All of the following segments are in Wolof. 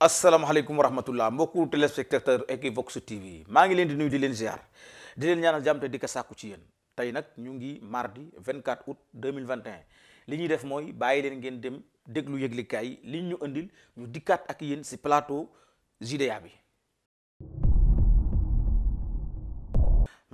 asalaamaaleykum wa rahmatullah mbokku téléspectateur Equivox TV maa ngi leen di nuyu di leen ziar di leen ñaanal jàmm te di ko sàkku ci yéen tey nag ñu ngi mardi 24 août 2021 li ñuy def mooy bàyyi leen ngeen dem déglu yëglikaay yi li ñu indil ñu dikkaat ak yéen si plateau JDA bi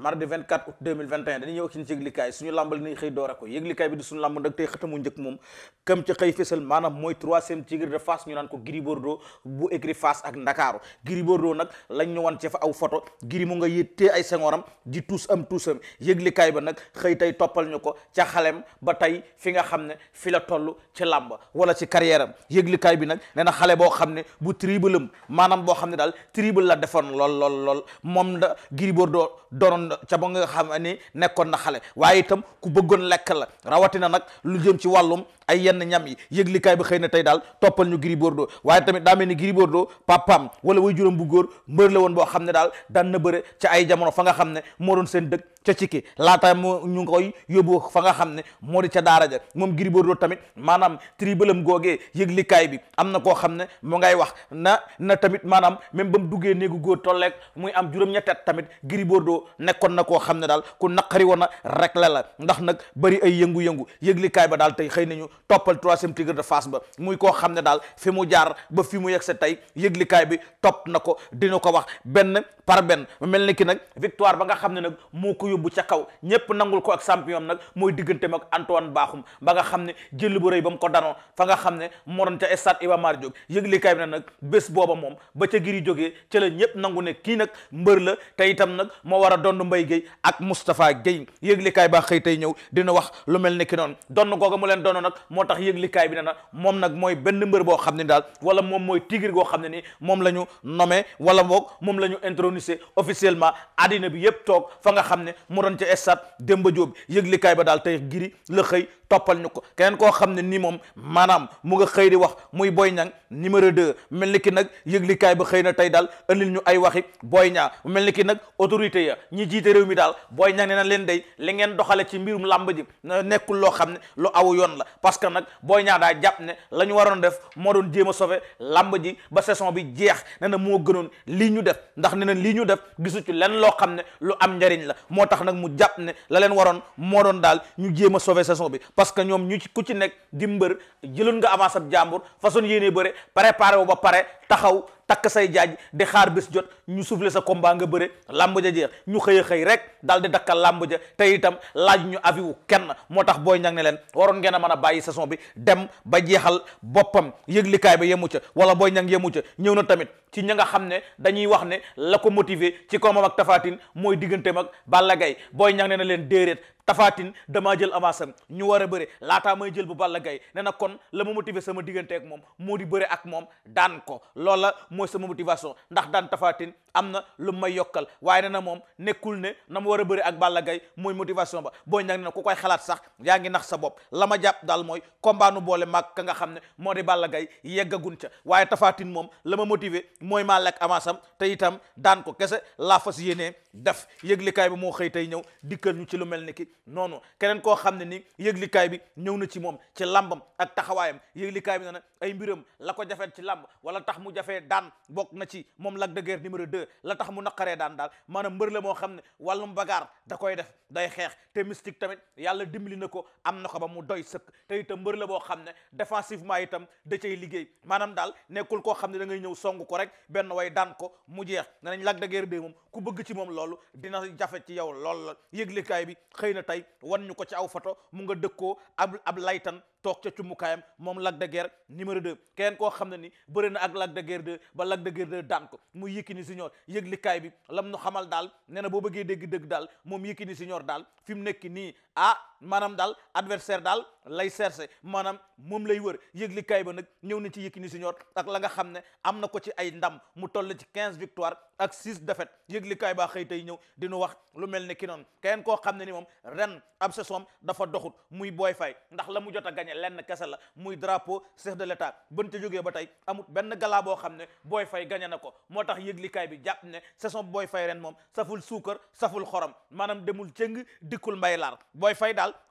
mardi 24 août 2021 dañuy ñëw ak suñu yëglikaay suñu làmbal ni xëy doora ko yëglikaay bi di suñu làmb nag tey xëtamu njëkk moom këm ci xëy fésal maanaam mooy troisième tigre de Fass ñu naan ko Gris Bordeaux bu écrit Fass ak Ndakaaru Gris Bordeaux nag lañ ñu ci fa aw photo Gris nga yéttee ay sengoram di tuus am tuusam yëglikaay ba nag xëy tey toppal ñu ko ca xalem ba tey fi nga xam ne fi la toll ci làmb wala ci carrière am yëglikaay bi nag nee na xale boo xam ne bu trible am maanaam boo xam ne daal trible la defoon lool lool lool moom da Gris Bordeaux doonoon ca ba nga xam ni nekkoon na xale waaye itam ku bëggoon lekk la rawatina nag lu jëm ci wàllum ay yenn ñam yi yëglikaay bi xëy na tey daal toppal ñu Gris doo waaye tamit daa mel ni Gris Bordeaux papam wala way juróom bu góor mbër la woon boo xam ne daal daan na bëre ca ay jamono fa nga xam ne moo doon seen dëkk ca ci ki laata moo ñu koy yóbbu fa nga xam ne moo di ca daara ja moom Gris Bordeaux tamit maanaam tribalam googee yëglikaay bi am na koo xam ne moo ngay wax na na tamit maanaam même ba mu duggee néegu góor tolleek muy am juróom-ñetti tamit Gris Bordeaux nekkoon na koo xam ne daal ku naqari woon na rek la la ndax nag bëri ay yëngu-yëngu yëglikaay daal tey xëy nañu toppal troisième tigre de Fass ba muy koo xam ne daal fi mu jaar ba fi mu yegg sa tey yëglikaay bi topp na ko dina ko wax benn par benn mel ni ki nag victoire ba nga xam ne nag moo ko yóbbu ca kaw ñépp nangul ko ak champion nag mooy diggante mag Antoine baaxum ba nga xam ne jël bu rëy ba mu ko danoo fa nga xam ne moo doon ca stade Iba Mar Diop yëglikaay bi ne nag bés booba moom ba ca giri jógee ca la ñépp nangu ne kii nag mbër la te itam nag moo war a donn Mbaye Guèye ak Moustapha Guèye yëglikaay ba xëy tey ñëw dina wax lu mel ni ki noonu donn moo tax yëglikaay bi ne na moom nag mooy benn mbër boo xam ne daal wala moom mooy tigre goo xam ne ni moom la ñu nommé wala boog moom la ñu intronisé officiellement àddina bi yëpp toog fa nga xam ne mu doon ca estate Demba Diop yëglikaay ba daal tey giri la xëy toppal ñu ko keneen koo xam ne ni moom maanaam mu nga xëy di wax muy Boy Niang numéro deux mel ni ki nag yëglikaay ba xëy na tey daal andil ñu ay waxi Boy Niang mel ni ki nag autorité ya ñi jiite réew mi daal Boy Niang ne na leen dey li ngeen doxale ci mbirum làmb ji nekkul loo xam ne lu aw yoon la parce que nag Boy Niang daa jàpp ne la ñu waroon def moo doon jéem a sauver làmb ji ba saison bi jeex ne na moo gënoon lii ñu def ndax ne na lii ñu def gisu ci lenn loo xam ne lu am njariñ la moo tax nag mu jàpp la leen waroon moo daal ñu jéem bi parce que ñoom ñu ci ku ci nekk di mbër jëloon nga avance ab jàmbur façon yéenee bëre préparé wu ba pare taxaw takk di xaar bés jot ñu soufflé sa combat nga bëre làmb ja jeex ñu xëy xëy rek daal di dakkal làmb ja te itam laaj ñu avis wu kenn moo tax Boy Niang leen waroon ngeen a a bàyyi saison bi dem ba jeexal boppam yëglikaay ba yemu ca wala Boy Niang yemu ca ñëw na tamit ci ña nga xam ne dañuy wax ne la ko motiver ci koomam ak tafaatin mooy digganteem ak Balla Gaye Boy Niang ne leen déeréet tafaatin damaa jël avance am ñu war a bëre laataa may jël bu Balla gay ne na kon la ma motiver sama diggante ak moom moo di bëre ak moom daan ko loola mooy sama motivation ndax daan tafaatin am na lu may yokkal waaye ne na moom nekkul ne na ma war a bëri ak Balla Gaye mooy motivation ba booy ñag ne ku koy xalaat sax yaa ngi nax sa bopp la ma jàpp daal mooy combat nu boole mag ka nga xam ne moo di Balla Gaye yeggagun ca waaye tafaatin moom la ma motive mooy ma lekk avance am te itam daan ko kese laa fas yéenee def yëglikaay bi moo xëy tey ñëw dikkal ñu ci lu mel ni ki noonu keneen koo xam ne ni yëglikaay bi ñëw na ci moom ci lambam ak itam bokk na ci moom Lac de Guiers numéro 2 la tax mu naqaree daan daal maanaam mbër la moo xam ne wàllum bagaar da koy def day xeex te mystique tamit yàlla dimbali na ko am na ko ba mu doy sëkk te itam mbër la boo xam ne défensivement itam da cay liggéey maanaam daal nekkul koo xam ne da ngay ñëw song ko rek benn way daan ko mu jeex ne nañ Lac de Guiers moom ku bëgg ci moom loolu dina jafe ci yow lool la yëglikaay bi xëy na tey wan ñu ko ci aw foto mu nga dëkkoo ab ab laytan toog ca cumukaayam moom Lac de Guiers numéro 2 keneen xam ne ni bëri na ak Lac de Guiers ba Lac de Guiers 2 mu ko mu Yékini Junior yëglikaay bi lam nu xamal daal nee na boo bëggee dégg daal moom Yékini Junior daal fi mu nekk nii ah maanaam daal adversaire daal lay chercher maanaam moom lay wër yëglikaay ba nag ñëw na ci Yékini Senior ak la nga xam ne am na ko ci ay ndam mu toll ci quinze victoire ak six défaites yëglikaay baa xëy tey ñëw dinu wax lu mel ni ki noonu kenn koo xam ne ni moom ren ab saison dafa doxut muy Boy Faye ndax la mu jot a gagné lenn kese la muy drapeau chef de l'état bën ca jógee ba tey amut benn galaa boo xam ne Boy Faye gagné na ko moo tax yëglikaay bi jàpp ne saison Boy Faye ren moom saful suukar saful xorom maanaam demul cëng dikkul mbay laar Boy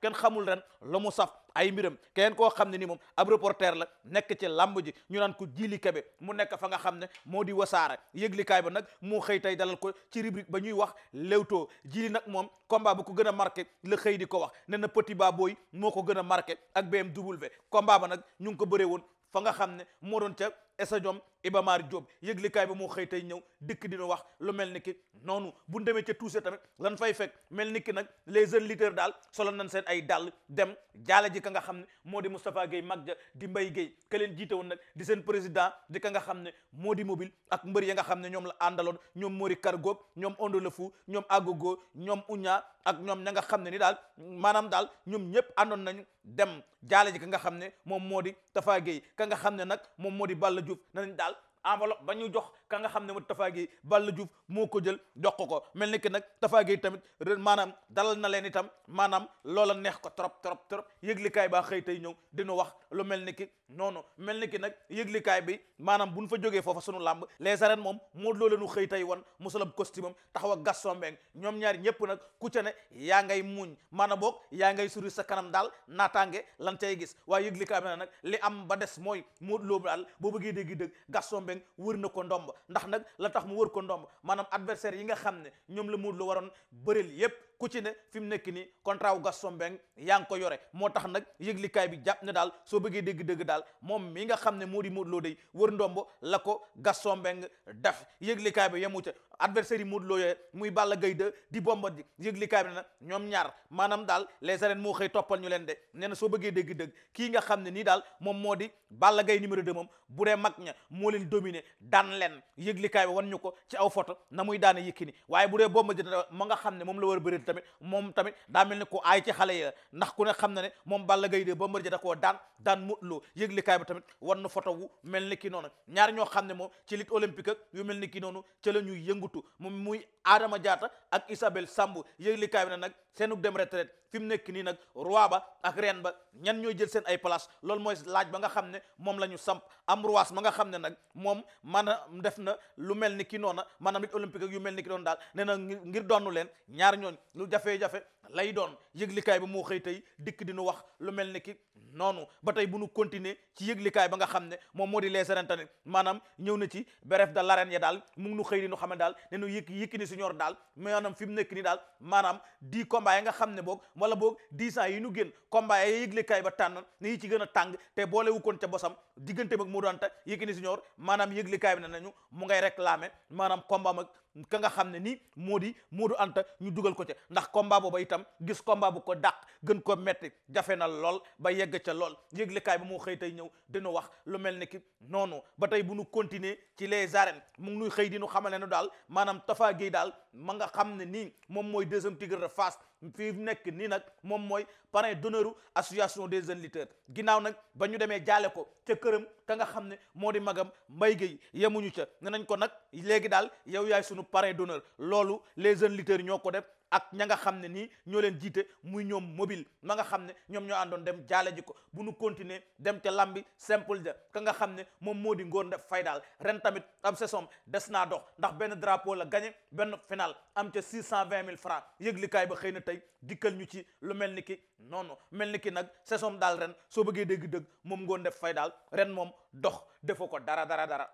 kenn xamul ren la mu saf ay mbiram kenn koo xam ne ni moom ab reporter la nekk ci làmb ji ñu naan ko jili kebe mu nekk fa nga xam ne moo di wasaare yëglikaay ba nag moo xëy tey dalal ko ci rubrique ba ñuy wax Leewtoo jili nag moom combat bu ko gën a marqué la xëy di ko wax ne na Petit booy moo ko gën a marqué ak BMW combat ba nag ñu ngi ko bëree woon fa nga xam ne moo doon ca esa ñoom Iba Mar Diop yëglikaay bi moo xëy tey ñëw dikk dina wax lu mel ni ki noonu bu ñu demee ca tuuse tamit lan fay fekk mel ni ki nag les jeunes leaders daal solo nañ seen ay dàll dem jaale ji ka nga xam ne moo di Moustapha Guèye mag ja di mbay Guèye ka leen jiite woon nag di seen président di ka nga xam ne moo di mobile ak mbër ya nga xam ne ñoom la àndaloon ñoom Mori Kargoob ñoom Ondo la Fou ñoom Agogo ñoom Uña ak ñoom ña nga xam ne nii daal maanaam daal ñoom ñëpp àndoon nañu dem jaale ji ka nga xam ne moom moo di Tafa Gueye ka nga xam ne nag moom moo di Balla Diouf nañ daal enveloppe ba ñu jox ka nga xam ne mu Tapha Gueye Balla Diouf moo ko jël jox ko ko mel ni que nag Tapha Gueye tamit maanaam dalal na leen itam maanaam loola neex ko trop trop trop yëglikaay baa xëy tey ñëw dina wax lu mel ni ki noonu mel ni ki nag yëglikaay bi maanaam bu ñu fa jógee foofa sunu làmb les arènes moom moo loo leenu xëy tey wan musalab costume am taxaw ak Gaston Mbengue ñoom ñaari ñépp nag ku ca ne yaa ngay muñ maana boog yaa ngay suri sa kanam daal naataange lan cay gis waaye yëglikaay bi nag li am ba des mooy moo loo daal boo bëggee dégg dëgg Meng wër na ko ndomb ndax nag la tax mu wër ko ndomb maanaam adversaire yi nga xam ne ñoom la Modou Lo waroon bëril yépp ku ci ne fi mu nekk nii contrat wu Gaston Mbengue yaa ngi ko yore moo tax nag yëglikaay bi jàpp ne daal soo bëggee dégg-dégg daal moom mi nga xam ne moo di Modou Lo day wër ndomb la ko Gaston Mbengue def yëglikaay bi yemu ca adversaire yi Modou Lo yooyu muy Balla Gaye 2 di Bombardier yëglikaay bi na ñoom ñaar maanaam daal les arènes moo xëy toppal ñu leen de nee na soo bëggee dégg-dëgg kii nga xam ne nii daal moom moo di Balla Gaye numéro 2 moom bu dee mag ña moo leen dominé daan leen yëglikaay bi wan ñu ko ci aw photo na muy daane Yékini waaye bu dee Bombardier ma nga xam ne moom la war a bëri tamit moom tamit daa mel ni xale ndax ku ne xam na ne moom Balla Gaye 2 Bombardier da koo daan daan Modou Lo yëglikaay bi tamit wan nu foto wu mel ni ki noonu ñaar ñoo xam ne moo ci lutte olympique ak yu mel ni ki noonu ca la ñuy yëngut Mbuutu moom muy Adama Diatta ak Isabel Samb yëglikaay bi na nag seenu dem retraite fi mu nekk nii nag roi ba ak reine ba ñan ñooy jël seen ay place loolu mooy laaj ba nga xam ne moom la ñu samp am rois ma nga xam ne nag moom maanaam def na lu mel ni ki noona maanaam nit olympique ak yu mel ni ki noonu daal nee na ngir donnu leen ñaar ñooñ lu jafe-jafe lay doon yëglikaay bi moo xëy tey dikk di nu wax lu mel ni ki noonu ba tey bu nu continuer ci yëglikaay ba nga xam ne moom moo di les arènes tamit maanaam ñëw na ci bref da l'arène ya daal mu nu xëy di nu xam ne daal ne nu yëkk Yékini senior daal maanaam fi mu nekk nii daal maanaam di combats yi nga xam ne boog wala boog di ans yi nu génn combats yi yëglekaay ba tànn ni yi ci gën a tàng te boole wu koon ca bosam diggante mag mu doon ta Yékini senior maanaam yëglekaay bi ne nañu mu ngay réclamer maanaam combat mag ka nga xam ne nii moo di Modou Anta ñu dugal ko ca ndax combat ba itam gis combat bu ko dàq gën ko metti jafe na lool ba yegg ca lool yëglekaay ba moo xëy tey ñëw dina wax lu mel ni ki noonu ba tey bu nu continuer ci les arènes mu ngi nuy xëy di nu xamal ne daal maanaam Tafa Gueye daal ma nga xam ne nii moom mooy deuxième tigre de Fass fii nekk nii nag moom mooy parrain d'honneur association des jeunes lutteurs ginnaaw nag ba ñu demee jaale ko ca këram ka nga xam ne moo di magam mbay géey yemuñu ca ne nañ ko nag léegi daal yow yaay sunu parrain d'honneur loolu les jeunes lutteurs ñoo ko def ak ña nga xam ne nii ñoo leen jiite muy ñoom mobile ma nga xam ne ñoom ñoo àndoon dem jaale ji ko bu nu continuer dem ca lambi simple ja ka nga xam ne moom moo di ngoon def fay daal ren tamit am saison des naa dox ndax benn drapo la gagné benn final am ca six cent vingt mille francs yëglikaay ba xëy na tey dikkal ñu ci lu mel ni ki noonu mel ni ki nag saison daal ren soo bëggee dégg-dëgg moom ngoon def fay daal ren moom dox defoo ko dara dara dara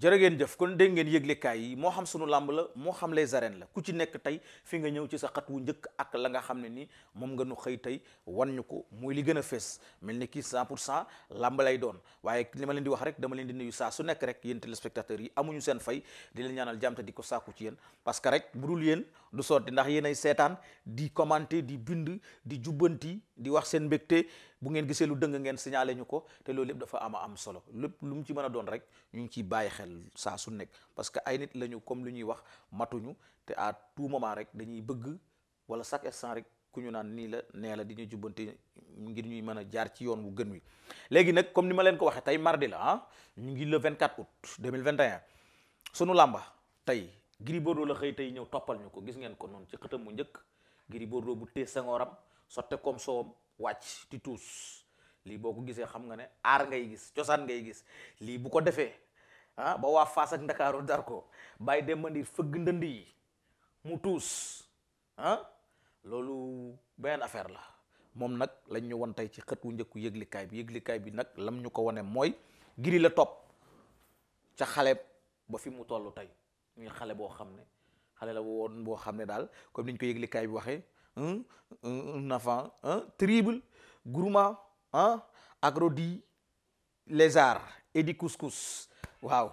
jërë ngeen jëf kon dégg ngeen yëglekaay yi moo xam sunu làmb la moo xam les arènes la ku ci nekk tey fi nga ñëw ci sa xat wu njëkk ak la nga xam ne ni moom nga nu xëy tey wan ñu ko muy li gën a fees mel ni kii 100 pour cent làmb lay doon waaye li ma leen di wax rek dama leen di nuyu saa su nekk rek yéen téléspectateurs yi amuñu seen fay di leen ñaanal jàmm di ko sàkku ci yéen parce que rek bu dul yéen du di ndax yéen ay seetaan di commenter di bind di jubbanti di wax seen mbégte bu ngeen gisee lu dëng ngeen signalé ñu ko te loolu lépp dafa ama am solo lépp lu mu ci mën a doon rek ñu ngi ciy bàyyi xel saa su nekk parce que ay nit la ñu comme lu ñuy wax matuñu te à tout moment rek dañuy bëgg wala chaque instant rek ku ñu naan nii la nee la di ñu jubbante ngir ñuy mën a jaar ci yoon wu gën wi léegi nag comme ni ma leen ko waxee tey mardi la ah ñu ngi le vingt août 2021 sunu làmba tey Gris Bordeaux la xëy tey ñëw toppal ñu ko gis ngeen ko noonu ci xëtam mu njëkk Gris Bordeaux bu tee sangooram sotte comme soowam wàcc di tuus lii boo ko gisee xam nga ne aar ngay gis cosaan ngay gis lii bu ko defee ah ba waa Fass ak Ndakaaru dar ko bàyyi dem ba fëgg ndënd yi mu tuus ah, loolu benn affaire la moom nag lañ ñu won tey ci xët wu njëkku yëglikaay bi yëglikaay bi nag lam ñu ko wane mooy giri la topp ca xale ba fi mu toll tey muy xale boo xam ne xale la woon boo xam ne daal comme niñ ko yëglikaay bi waxee hein, un enfant hein, tribal gourmand agrodi lézard et di couscous waaw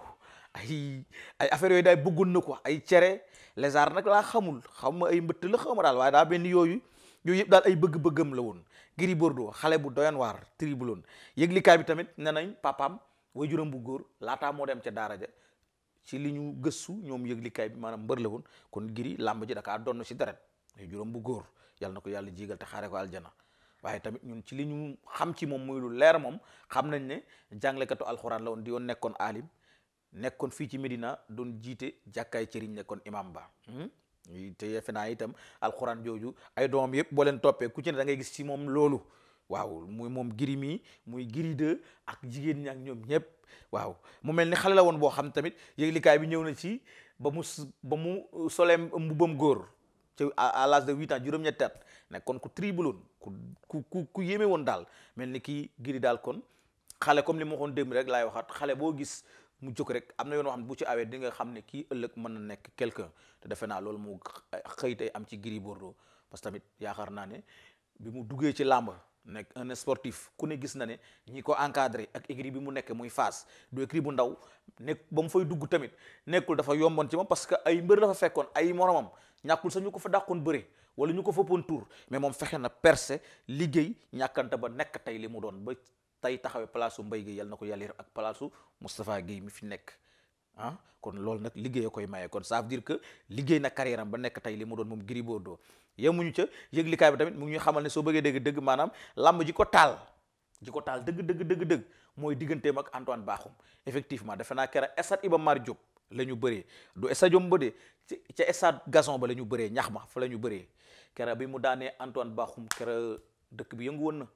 ay ay affaire yooyu daay bëggoon na ko ay cere lézard nag laa xamul xam ma ay mbëtt la xawma daal waa daa benn yooyu yooyu yëpp daal ay bëgg-bëggam la woon Gris Bordeaux xale bu doyan waar tribal woon yëglikaay bi tamit ne nañ papaam way juróom bu góor laataa moo dem ca daara ja ci li ñu gëstu ñoom yëglikaay bi maanaam mbër la woon kon Gris làmb ji dakaa donn si deret ñu juróom bu góor yàlla na ko yàlla jigal te xaare ko aljana waaye tamit ñun ci li ñu xam ci moom muy lu leer moom xam nañ ne jànglekatu alxuraan la woon di woon nekkoon alim nekkoon fii ci Medina doon jiite jàkkaay cëriñ nekkoon imam ba hmm? te yefe naa itam alxuraan jooju ay doom yëpp boo leen toppee ku ci ne da ngay gis ci moom loolu waaw muy moom giri mi muy giri ak jigéen ñi ñoom ñëpp waaw mu mel ni xale la woon boo xam tamit yëglikaay bi ñëw na ci ba mu ba mu soleem mbubam góor ce à l'âge de huit ans juróom-ñetti at ne kon ku tribuloon ku ku ku ku yéeme woon daal mel ni kii giri daal kon xale comme li ma waxoon démb rek laay waxaat xale boo gis mu jóg rek am na yoon xam ne bu ci awee di nga xam ne kii ëllëg mën na nekk quelqu'un te defe naa loolu mu xëy tey am ci Gris Bordeaux parce que tamit yaakaar naa ne bi mu duggee ci làmb nekk un sportif ku ne gis na ne ñi ko encadré ak écrit bi mu nekk muy Fass du écrit bu ndaw nekk ba mu fay dugg tamit nekkul dafa yomboon ci ma parce que ay mbër fa fekkoon ay moromam ñàkkul sax ñu ko fa dàqoon bëre wala ñu ko fëppoon tour mais moom fexe na percé liggéey ñàkkante ba nekk tey li mu doon ba tey taxawee palaasu Mbaye Guèye yal na ko yàlla yar ak palaasu Moustapha Guèye mi fi nekk ah kon loolu nag liggéey a koy maye kon ça veut dire que liggéey na carrière am ba nekk tey li mu doon moom Gris Bordeaux yemuñu ca yëglikaay bi tamit mu ngi ñuy xamal ne soo bëggee dégg dëgg maanaam lamb ji ko taal ji ko taal dëgg dëgg dëgg dëgg mooy digganteem ak Antoine Bakhoum effectivement defe naa kera stade Iba Mar Diop la ñu bëree du stade Diop ba de ca essat Gazon ba la ñu bëree ñax ma fa la ñu bëree kera bi mu daanee Antoine baaxum kera dëkk bi yëngu woon na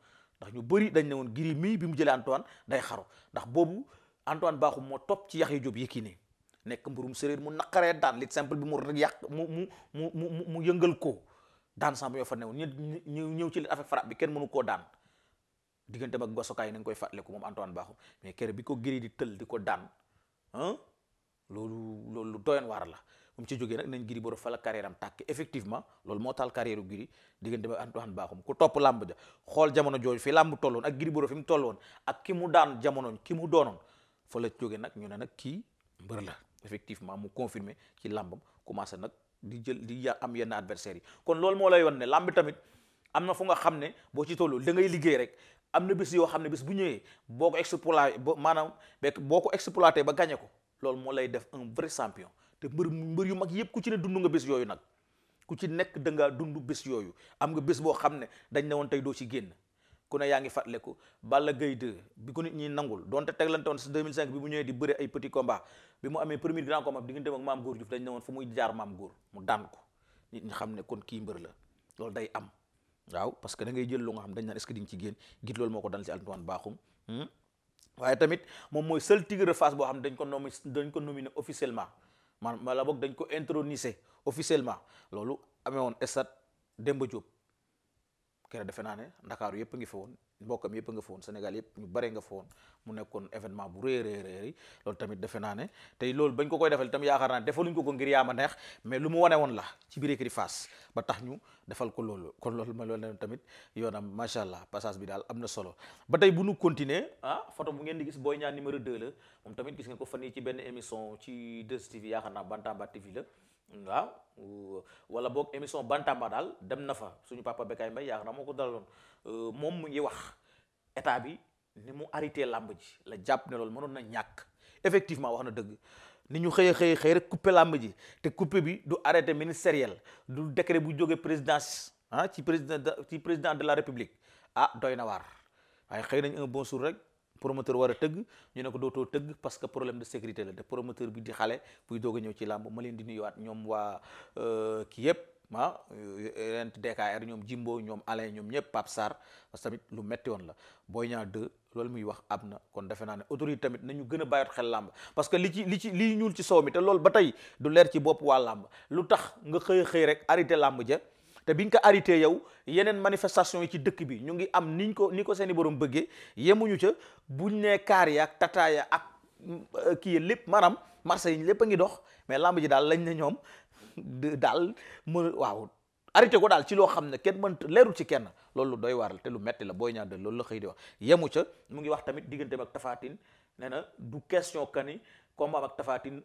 ndax ñu bëri dañ ne woon giri mii bi mu jëlee Antoine day xaru ndax boobu Antoine Bakhoum moo topp ci Yaxya Diop Yékini nekk mburum séréer mu naqaree daan lit simple bi mu yàq mu mu mu mu mu yëngal ko daan sama ñoo fa new ñu ñëw ci leen affaire frappe bi kenn mënu koo daan diggante mag gosokaay yi nañ koy fàttaliku moom Antoine Baaxum mais kere bi ko gëri di tël di ko daan ah loolu loolu doyoon waar la moom ci jógee nag nañ giri boro fa la carrière tàkk effectivement loolu moo taal carrière u giri diggante mag Baaxum ku topp làmb ja xool jamono jooju fi làmb tolloon ak giri boro fi mu tolloon ak ki mu daan jamonoñ ki mu doonoon fa la jógee nag ñu ne nag kii mbër la effectivement mu confirmé ci làmbam commencé nag di jël di ya am yenn adversaires yi kon loolu moo lay won ne làmb tamit am na fu nga xam ne boo ci tollu da ngay liggéey rek am na bés yoo xam ne bés bu ñëwee boo ko exploité ba maanaam boo ko exploité ba gagné ko loolu moo lay def un vrai champion te mbër mbër yu mag yépp ku ci ne dund nga bés yooyu nag ku ci nekk da ngaa dund bés yooyu am nga bés boo xam ne dañ ne woon tey doo ci génn ku ne yaa ngi fàttaliku Balla Gaye 2 bi ko nit ñi nangul donte teglante woon si 2005 bi mu ñëwee di bëre ay petit combat bi mu amee premier grand combat di ngeen ne woon fu muy jaar maam góor mu daan ko nit ñi xam ne kon kii mbër la loolu day am waaw parce que da ngay jël lu nga xam dañ naan est ci génn git loolu moo ko dal si Antoine Bakhoum hmm? waaye tamit moom mooy seul tigre de Fass boo xam dañ ko nomi dañ ko nominé officiellement man ma la boog dañ ko intronisé officiellement loolu amee woon stade Demba Diop keroog defe naa ne ndakaaru yëpp ngi fa woon mbokkam yëpp nga fa woon Sénégal yëpp ñu bare nga fa woon mu nekkoon événement bu rëy rëy rëy loolu tamit defe naa ne tey loolu bañ ko koy defal tam yaakaar naa ne defaluñ ko ko ngir yaama neex mais lu mu wane woon la ci biir écurie Fass ba tax ñu defal ko loolu kon loolu ma loolu tamit yoona macha allah passage bi daal am na solo ba tey bu nu continuer ah photo bu ngeen di gis Boy Niang numéro 2 la moom tamit gis ngeen ko fan yi ci benn émission ci 2STV yaakaar naa Bantamba TV la waaw wala boog émission bantamba daal dem na fa suñu papa Bekay Mbaye yaakaar naa moo ko dalaloon euh, moom mu ngi wax état bi ni mu arrêté làmb ji la jàpp ne loolu mënoon na ñàkk effectivement wax na dëgg ni ñu xëyee xëyee xëy rek coupé làmb ji te coupé bi du arrêté ministériel du décret bu jógee présidence ah ci président ci président de la république ah doy nawaar waaye xëy nañ un rek. promoteur war a tëgg ñu ne ko dootoo tëgg parce que problème de sécurité la te promoteur bi di xale buy doog ñëw ci làmb ma leen di nuyuwaat ñoom waa euh, kii yëpp ah rent DKR ñoom Jimbo ñoom Alain ñoom ñëpp Pape saar parce que tamit lu metti woon la Boy ñaar 2 loolu muy wax am na kon defe naa ne autorité tamit nañu gën a bàyyi xel làmb parce que li ci li ci liy ñuul ci soow mi te loolu ba tey du leer ci bopp waa làmb lu tax nga xëy xëy rek arrêté làmb ja te bi nga ko arrêté yow yeneen manifestation yi ci dëkk bi ñu ngi am niñ ko ni ko seeni i borom bëggee yemuñu ca bu ñu nee kaar ya ak tata ak euh, kii lépp maanaam marché yi lépp a ngi dox mais lamb ji daal lañ ne ñoom daal mu waaw arrêté ko daal ci loo xam ne kenn mën leerul ci kenn loolu doy waaral te lu metti la booy ñaar de loolu la xëy di wax yemu ca mu ngi wax tamit digganteem ak tafaatin nee na du question que ni combat ak tafaatin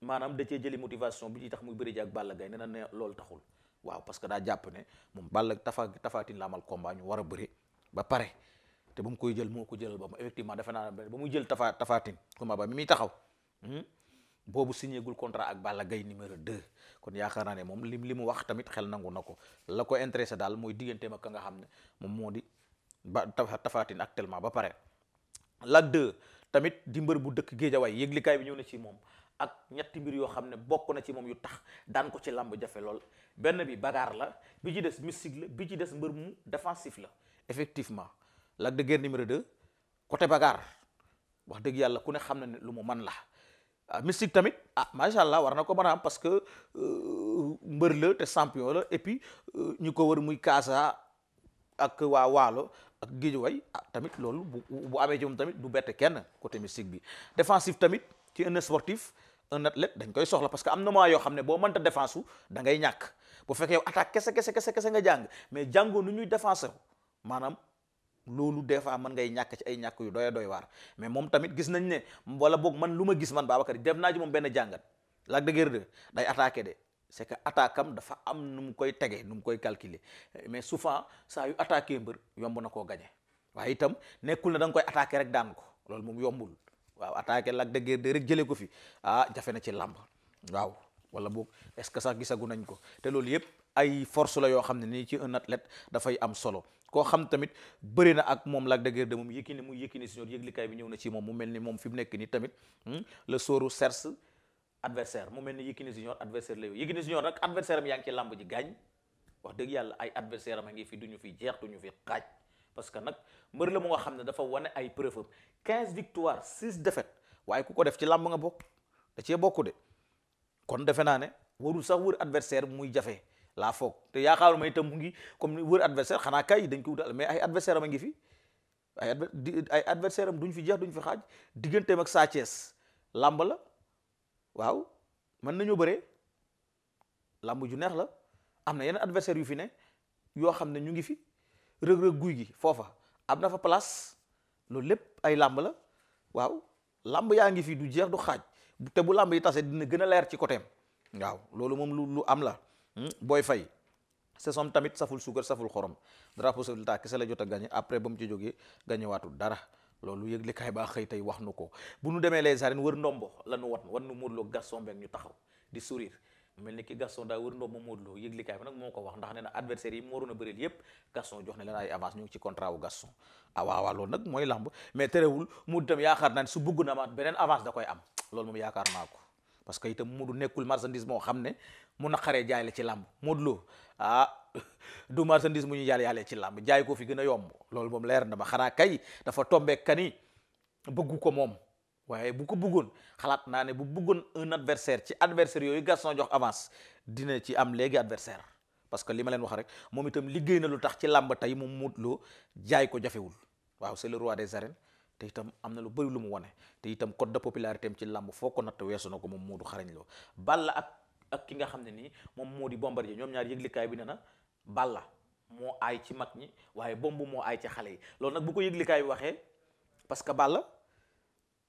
maanaam da cee jëli motivation bi ci tax muy bëri ji ak Balla Gaye nee na loolu taxul waaw parce que daa jàpp ne moom Balla tafa tafaatin la amal combat ñu war a bëri ba pare te ba mu koy jël moo ko jëlal ba mu effectivement defe naa ba muy jël tafa tafaatin combat ba mi muy taxaw hmm? boobu signé contrat ak Balla Gaye numéro 2 kon yaakaar naa ne moom lim li mu wax tamit xel nangu na ko la ko intéressé daal mooy digganteem ak nga xam ne moom moo di ba tafaatin actuellement ba pare Lac 2 tamit di mbër bu dëkk géejawaay yëglikaay bi ñëw na ci moom ak ñetti mbir yoo xam ne bokk na ci moom yu tax daan ko ci làmb jafe lool benn bi bagaar la bi ci des mystique la bi ci des mbër mu défensif la effectivement la de Guiers numéro côté bagaar wax dëgg yàlla ku ne xam na ne lu mu man la ah, mystique tamit ah macha allah war na ko mën a am parce que euh, mbër la te champion la et euh, ñu ko war muy Kaasa ak waa Waalo ak Guédiawaye ah tamit loolu bu amee ci moom tamit du bett kenn côté mystique bi défensif tamit ci un sportif. un athlète dañ koy soxla parce que am na moment yoo xam ne boo mënta défense su ngay ñàkk bu fekkee yow attaque kese kese kese kese nga jàng mais jàngoo nu ñuy défense maanaam loolu des fois mën ngay ñàkk ci ay ñàkk yu doy doy waar mais moom tamit gis nañ ne wala boog man lu ma gis man Babacar def naa moom benn jàngat Lac de Guiers day attaqué de c'est que attaque am dafa am nu mu koy tegee nu mu koy calculer mais souvent saa yu attaqué mbër yomb na koo gañe waaye itam nekkul da nga koy attaqué rek daan ko loolu moom yombul waaw attaqué Lac de Guiers 2 rek jëlee ko fi ah jafe na ci làmb waaw wala boog est-ce que sax gisagu nañ ko te loolu yëpp ay force la yoo xam ne nii ci un athlète dafay am solo koo xam tamit bëri na ak moom Lac de Guiers 2 moom Yékini mu Yékini senior yëglikaay bi ñëw na ci moom mu mel ni moom fi mu nekk nii tamit hmm, le sóoru serse adversaire mu mel ni Yékini senior adversaire la yow Yékini senior nag adversaire am yaa ngi ci làmb ji gaañ wax dëgg yàlla ay adversaire am a ngi fi duñu fi jeex fi xaaj parce que nag mbër la mu nga xam ne dafa wane ay preuve am 15 victoires 6 défaites waaye ku ko def ci làmb nga bokk da cee bokku de kon defe naa ne warul sax wër adversaire muy jafe laa foog te yaakaar may itam mu ngi comme wër adversaire xanaa kay dañ ko wutal mais ay adversaire am a ngi fi ay ay adversaire am duñ fi jeex duñ fi xaaj digganteem ak Sa Thiès làmb la waaw mën nañoo bëree làmb ju neex la am na yenn adversaire yu fi ne yoo xam ne ñu ngi fi rëg-rëg guy gi foofa am na fa place loolu lépp ay làmb la waaw làmb yaa ngi fii du jeex du xaaj te bu làmb yi tasee dina gën a leer ci côté waaw loolu moom lu lu am la hmm? booy fay saison tamit saful suukar saful xorom dara possibilité kese la jot a gagné après ba mu ci jógee gagné waatul dara loolu yëgle kaay baa xëy tey wax nu ko bu nu demee les arènes wër ndombo la nu wat wan nu Modou Lo Gaston Mbengue ñu taxaw di sourire mel ni ki Gaston daa wër ndoom moom Modou Lo yëglikaay bi nag moo ko wax ndax nee na adversaire yi mu waroon a bëreel yépp Gaston jox na leen ay avance ñu ngi ci contrat wu Gaston ah waaw waaw mooy lamb mais terewul Modou tam yaakaar naa su bëgg na ma beneen avance da koy am loolu moom yaakaar naa ko parce que itam Modou nekkul marchandise moo xam ne mu naqaree jaay la ci lamb Modou Lo ah, du marchandise mu ñu yàlla yàlla ci lamb jaay ko fi gën a yomb loolu moom leer na ma xanaa kay dafa tombe kani bëggu ko moom waaye bu ko bëggoon xalaat naa ne bu bëggoon un adversaire ci adversaire yooyu Gaston jox avance dina ci am léegi adversaire parce que li ma leen wax rek moom itam liggéey na lu tax ci làmb tey mu Modou Lo jaay ko jafewul waaw c'est le roi des arènes te itam am na lu bëri lu mu wane te itam code de popularité am ci làmb foo ko natt weesu na ko moom Modou xarañ Lo Balla ak ak ki nga xam ne nii moom moo di Bombardier ñoom ñaar yëglikaay bi ne na la moo ay ci mag ñi waaye bomb moo ay ci xale yi loolu nag bu ko yëglikaay bi waxee parce que Balla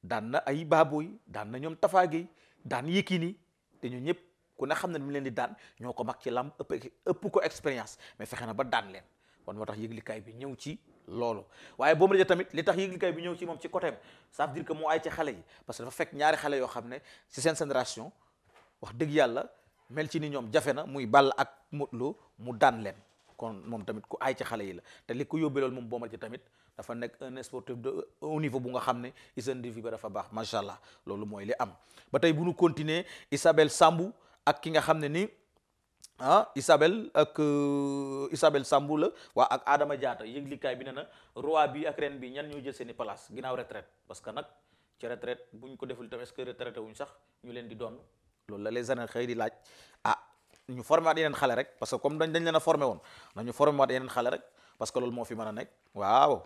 daan na ay baabooy daan na ñoom Tapha Guèye daan Yékini te ñoo ñëpp ku ne xam ne mu leen di daan ñoo ko mag ci làmb ëpp ëpp ko expérience mais fexe na ba daan leen kon moo tax yëglikaay bi ñëw ci loolu waaye boobu rajo tamit li tax yëglikaay bi ñëw ci moom ci côté am ça veut moo ay ci xale yi parce que dafa fekk ñaari xale yoo xam ne ci seen génération wax dëgg yàlla mel ci ni ñoom jafe na muy Balla ak Modou Lo mu daan leen kon moom tamit ku aay ci xale yi la te li ko yóbbee loolu moom Bombardier tamit dafa nekk un sportif de haut niveau bu nga xam ne hygiène ba dafa baax macha allah loolu mooy li am. ba tey bu nu continuer Isabelle Sambou ak ki nga xam ne ni ah Isabelle ak euh, Isabelle Sambou la waa ak Adama Diatta yëglikaay bi ne na roi bi ak reine bi ñan ñoo jël seeni i place ginnaaw retraite parce que nag ci retraite bu ñu ko deful tamit est-ce wuñ sax ñu leen di doon. loolu la les ñu formé waat yeneen xale rek parce que comme dañ dañ leen a formé woon nañu formé waat yeneen xale rek parce que loolu moo fi a nekk waaw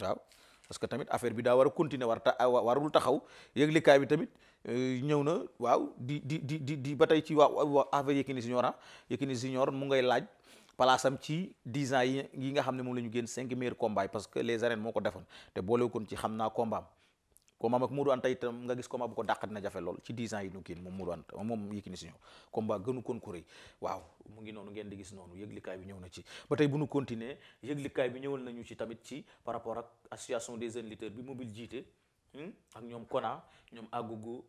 waaw parce que tamit affaire bi daa war a continuer war a warul taxaw yëglikaay bi tamit euh, ñëw na waaw di di di di di ba tey ci waa waa affaire Yékini Junior ah Yékini Junior mu ngay laaj palaasam ci 10 ans yi yi nga xam ne moom la ñu génn cinq meilleurs combats parce que les arènes moo ko defoon te boole koon ci xam naa combat am combat ak Modou Anta itam nga gis combat bu ko dàq dina jafe lool ci 10 ans yi ñu kiin moom Modou Anta moom Yékini Senior combat gënu kon ko rëy waaw mu ngi noonu ngeen di gis noonu yëglikaay bi ñëw na ci ba tey bu ñu continuer yëglikaay bi ñëwal nañu ci tamit ci par rapport ak association des jeunes lutteurs bi mobile jiite hmm? ak ñoom Kona ñoom Agogo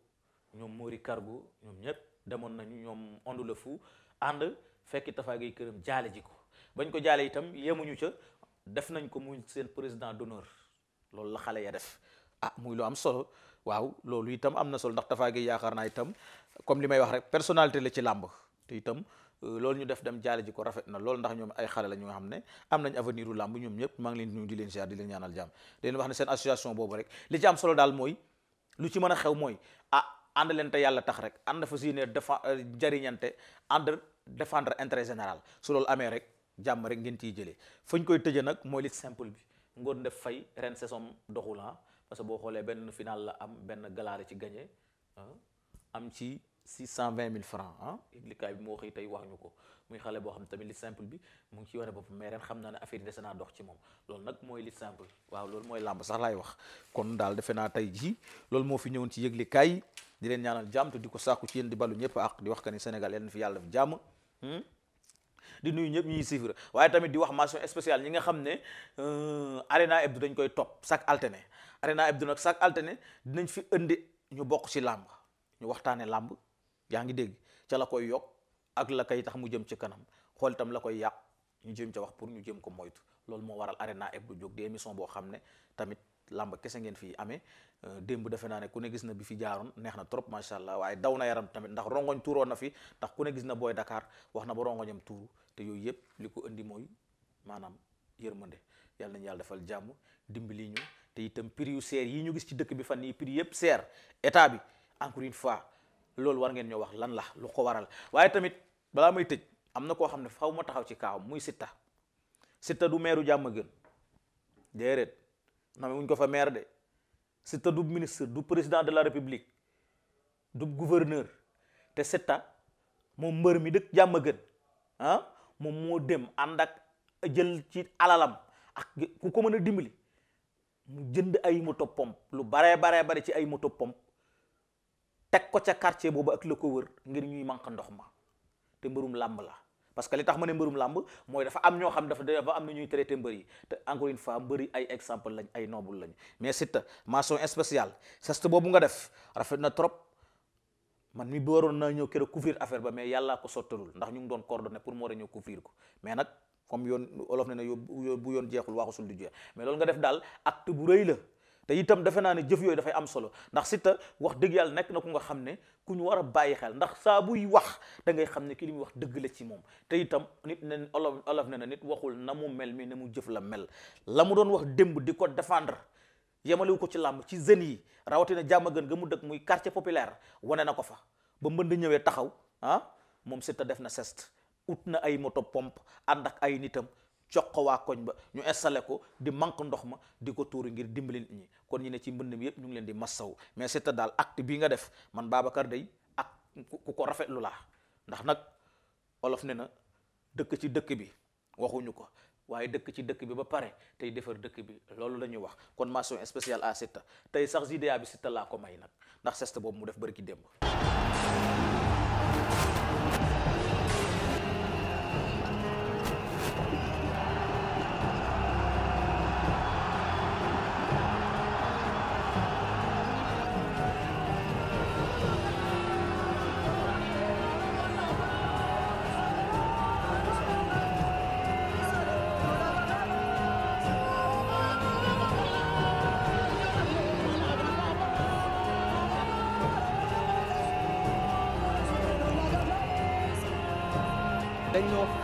ñoom moori Cargo ñoom ñëpp demoon nañu ñoom Ondu la fu ànd fekki Tafa Gueye këram jaale ji ko bañ ko jaale itam yemuñu ca def nañ ko mu seen président d'honneur loolu la xale ya def ah muy lu am solo waaw loolu itam am na solo ndax Tapha Gueye yaakaar naa itam comme li may wax rek personnalité la ci làmb te itam euh, loolu ñu def dem jaale ji ko rafet na loolu ndax ñoom ay xale la ñu nga xam ne am nañ avenir u làmb ñoom ñëpp maa ngi leen nuyu di leen ziar di leen ñaanal jàmm di leen wax ne seen association boobu rek li ci am solo daal mooy lu ci mën a xew mooy ah ànd leen te yàlla tax rek ànd fa si ne defa euh, jariñante ànd defendre intérêt général su loolu amee rek jàmm rek ngeen ciy jëlee fu koy tëjee nag mooy li simple bi ngoon def fay ren saison doxul ah parce que boo xoolee benn final la am benn galaare ci gagné ah, am ci six cent vingt mille francs ah yëglikaay bi moo xëy tey wax ñu ko muy xale boo xam tamit li simple bi mu ngi ci wane boppam mais ren xam naa ne affaire yi dese naa dox ci moom loolu nag mooy li simple waaw loolu mooy làmb sax laay wax kon daal tey jii loolu moo fi ñëwoon ci yëglikaay di leen ñaanal jàmm ko sàkku ci yéen di ballu ñëpp ak di wax que ni Sénégal fi yàlla def jàmm hmm. di nuyu ñëpp ñuy suivre waaye tamit di wax mention spéciale ñi nga xam ne euh, Arena Hebdo dañ koy topp chaque alterné arena hebdo nag chaque altine dinañ fi indi ñu bokk ci làmb ñu waxtaane làmb yaa ngi dégg ca la koy yokk ak la koy tax mu jëm ci kanam xool itam la koy yàq ñu jëm ca wax pour ñu jëm ko moytu loolu moo waral arena hebdo jóg di émission boo xam ne tamit làmb kese ngeen fii amee euh, démb defe naa ne ku ne gis na bi fi jaaroon neex na trop macha allah waaye daw na yaram tamit ndax rongoñ tuuroo na fi ndax ku ne gis na booy dakaar wax na ba rongoñam tuuru te yooyu yëpp li ko indi mooy maanaam yërmande yàlla nañu yàlla defal jàmm dimbali ñu te itam prix yu seer yi ñu gis ci dëkk bi fan yi prix yëpp seer état bi encore une fois loolu war ngeen ñoo wax lan la lu ko waral waaye tamit balaa may tëj am na koo xam ne faw ma taxaw ci kaawam muy Siteu Siteu du meeru jàmm gën déedéet na wuñ ko fa meer de Siteu du ministre du président de la république du gouverneur te Siteu moom mbër mi dëkk jàmm gën ah moom moo dem ànd ak jël ci alalam ku ko mën a dimbali mu jënd ay moto pompe lu baree baree bare ci ay moto pompe teg ko ca quartier boobu ak la ko wër ngir ñuy manque ndox ma te mbërum làmb la parce que li tax ma ne mbërum làmb mooy dafa am ñoo xam dafa dafa am na ñuy traité mbër yi te encore une fois mbër ay exemple lañ ay noble lañ mais Siteu mention spéciale geste boobu nga def rafet na trop man mi bi waroon naa ñëw keroog couvrir affaire ba mais yàllaa ko sottalul ndax ñu ngi doon coordonné pour mu war ko mais nag comme yoon olof ne ne bu yoon jeexul waaxusul di jeex mais lool nga def daal acte bu rëy la te itam defe naa ne jëf yooyu dafay am solo ndax Siteu wax dëgg yàlla nekk na ku nga xam ne ku ñu war a bàyyi xel ndax saa buy wax da ngay xam ne kii li muy wax dëgg la ci moom te itam nit ne olof olof ne na nit waxul na mu mel mi na mu jëf la mel la mu doon wax démb di ko défendre yemalewu ko ci làmb ci jeunes yi rawatina jàmm gën nga mu dëkk muy quartier populaire wane na ko fa ba mbënd ñëwee taxaw ah moom Siteu def na sest ut na ay moto pomp ànd ak ay nitam jox ko waa koñ ba ñu installé ko di manque ndox ma di ko tuuri ngir dimbali nit ñi kon ñu ne ci mbënd mi yëpp ñu ngi leen di massaw mais c'est daal acte bi nga def man Babacar day ak ku ko rafetlu laa ndax nag olof ne na dëkk ci dëkk bi waxuñu ko waaye dëkk ci dëkk bi ba pare tey defar dëkk bi loolu la ñuy wax kon mention spéciale à Siteu tey sax idée bi Siteu laa ko may nag ndax geste boobu mu def bari ki démb